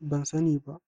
本身你吧。